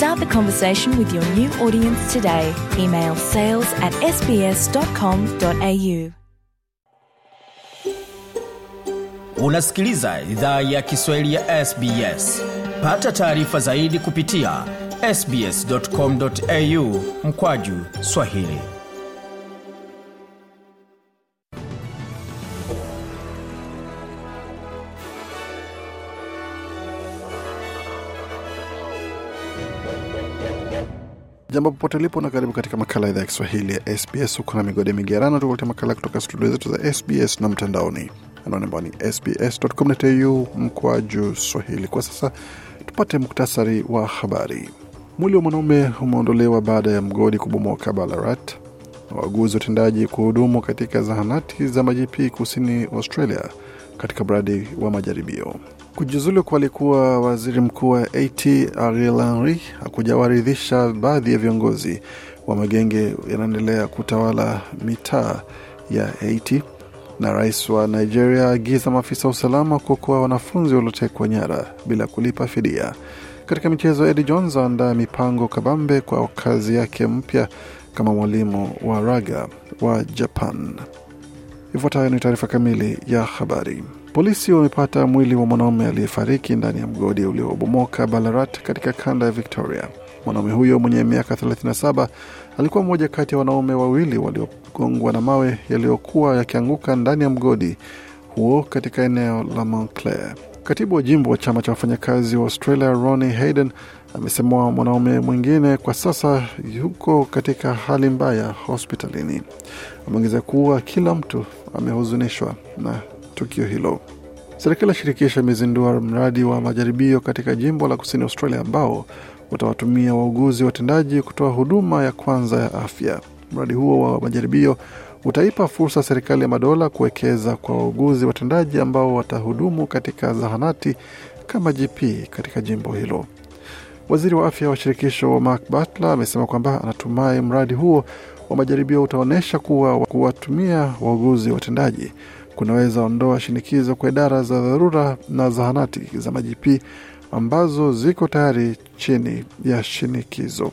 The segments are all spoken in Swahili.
Start the conversation with your new audience today. Email sales at sbs.com.au. Unasikiliza idhaa ya Kiswahili ya SBS. Pata taarifa zaidi kupitia sbs.com.au mkwaju Swahili. Jambo popote ulipo na karibu katika makala idhaa ya Kiswahili ya SBS. Huko na migode migerano, tukulete makala kutoka studio zetu za SBS na mtandaoni, anwani ambao ni sbs.com.au mkwaju swahili. Kwa sasa tupate muktasari wa habari. Mwili wa mwanaume umeondolewa baada ya mgodi kubomoka kabalarat na wauguzi watendaji kuhudumu katika zahanati za majipi kusini Australia katika mradi wa majaribio. Kujiuzulu kwa alikuwa waziri mkuu wa Haiti Ariel Henry hakujawaridhisha baadhi ya viongozi wa magenge yanaendelea kutawala mitaa ya Haiti, na rais wa Nigeria aagiza maafisa wa usalama kuokoa wanafunzi waliotekwa nyara bila kulipa fidia. Katika michezo, Eddie Jones aandaa mipango kabambe kwa kazi yake mpya kama mwalimu wa raga wa Japan. Ifuatayo ni taarifa kamili ya habari. Polisi wamepata mwili wa mwanaume aliyefariki ndani ya mgodi uliobomoka balarat katika kanda ya Victoria. Mwanaume huyo mwenye miaka 37 alikuwa mmoja kati ya wanaume wawili waliogongwa na mawe yaliyokuwa yakianguka ndani ya mgodi huo katika eneo la Mount Katibu wa jimbo wa chama cha wafanyakazi wa Australia Ronnie Hayden amesema mwanaume mwingine kwa sasa yuko katika hali mbaya hospitalini. Ameongeza kuwa kila mtu amehuzunishwa na tukio hilo. Serikali ya shirikisho imezindua mradi wa majaribio katika jimbo la kusini Australia ambao utawatumia wauguzi watendaji kutoa huduma ya kwanza ya afya. Mradi huo wa majaribio utaipa fursa serikali ya madola kuwekeza kwa wauguzi watendaji ambao watahudumu katika zahanati kama GP katika jimbo hilo. Waziri wa afya wa shirikisho Mark Butler amesema kwamba anatumai mradi huo wa majaribio utaonyesha kuwa kuwatumia wauguzi watendaji kunaweza ondoa shinikizo kwa idara za dharura na zahanati za majipi ambazo ziko tayari chini ya shinikizo.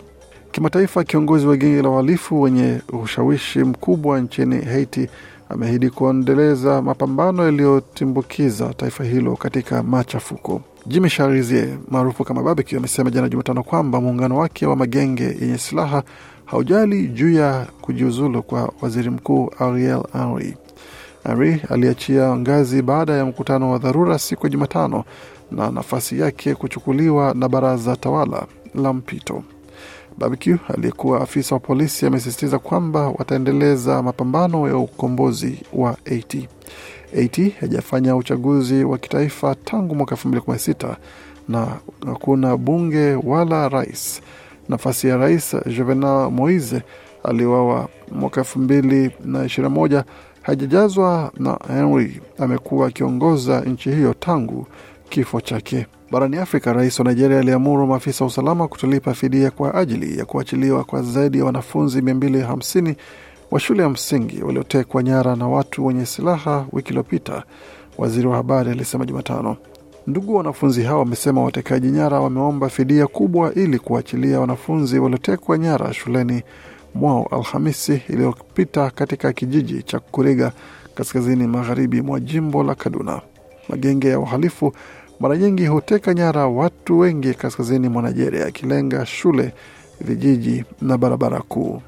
Kimataifa, kiongozi wa genge la uhalifu wenye ushawishi mkubwa nchini Haiti ameahidi kuendeleza mapambano yaliyotimbukiza taifa hilo katika machafuko. jimi sharizie maarufu kama Barbecue amesema jana Jumatano kwamba muungano wake wa magenge yenye silaha haujali juu ya kujiuzulu kwa waziri mkuu Ariel Henry. Henry aliachia ngazi baada ya mkutano wa dharura siku ya Jumatano na nafasi yake kuchukuliwa na baraza tawala la mpito. Barbecue aliyekuwa afisa wa polisi amesisitiza kwamba wataendeleza mapambano ya ukombozi wa Haiti. Haiti hajafanya uchaguzi wa kitaifa tangu mwaka 2016 na hakuna bunge wala rais. Nafasi ya rais Juvenal Moise aliwawa mwaka elfu mbili na ishirini na moja hajajazwa na Henry amekuwa akiongoza nchi hiyo tangu kifo chake. Barani Afrika, rais wa Nigeria aliamuru maafisa wa usalama kutolipa fidia kwa ajili ya kuachiliwa kwa zaidi ya wanafunzi 250 wa shule ya msingi waliotekwa nyara na watu wenye silaha wiki iliyopita, waziri wa habari alisema Jumatano. Ndugu wanafunzi hao wamesema watekaji nyara wameomba fidia kubwa ili kuachilia wanafunzi waliotekwa nyara shuleni mwao Alhamisi iliyopita katika kijiji cha Kuriga kaskazini magharibi mwa jimbo la Kaduna. Magenge ya uhalifu mara nyingi huteka nyara watu wengi kaskazini mwa Nigeria, akilenga shule, vijiji na barabara kuu.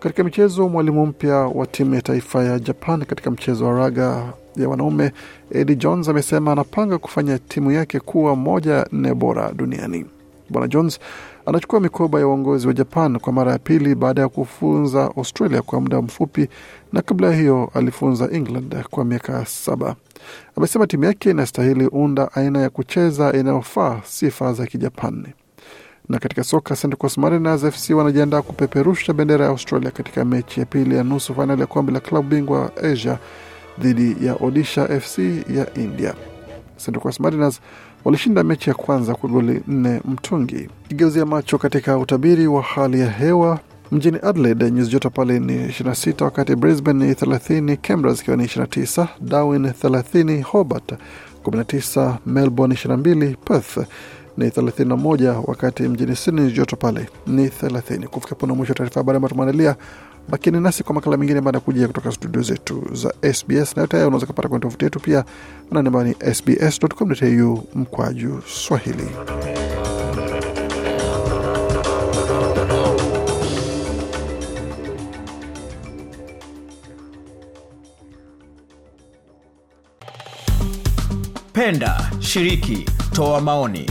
Katika michezo, mwalimu mpya wa timu ya taifa ya Japan katika mchezo wa raga ya wanaume, Eddie Jones amesema anapanga kufanya timu yake kuwa moja nne bora duniani. Bwana Jones anachukua mikoba ya uongozi wa Japan kwa mara ya pili baada ya kufunza Australia kwa muda mfupi, na kabla ya hiyo alifunza England kwa miaka saba. Amesema timu yake inastahili unda aina ya kucheza inayofaa sifa za Kijapani. Na katika soka, Central Coast Mariners FC wanajiandaa kupeperusha bendera ya Australia katika mechi ya pili ya nusu fainali ya kombe la klabu bingwa Asia dhidi ya Odisha FC ya India. St Cross Mariners walishinda mechi ya kwanza kwa goli nne mtungi. Kigeuzia macho katika utabiri wa hali ya hewa mjini Adelaide nyuzi joto pale ni 26, wakati Brisbane ni 30, Canberra zikiwa ni 29, Darwin 30, Hobart 19, Melbourne 22, Perth ni 31 wakati mjini Sydney joto pale ni 30. Kufika pona mwisho taarifa habari ambayo tumeandalia. lakini nasi kwa makala mengine baada ya kujia kutoka studio zetu za SBS na yote haya unaweza kupata kwenye tovuti yetu pia anani ambayo ni sbs.com.au mkwaju Swahili. Penda, shiriki, toa maoni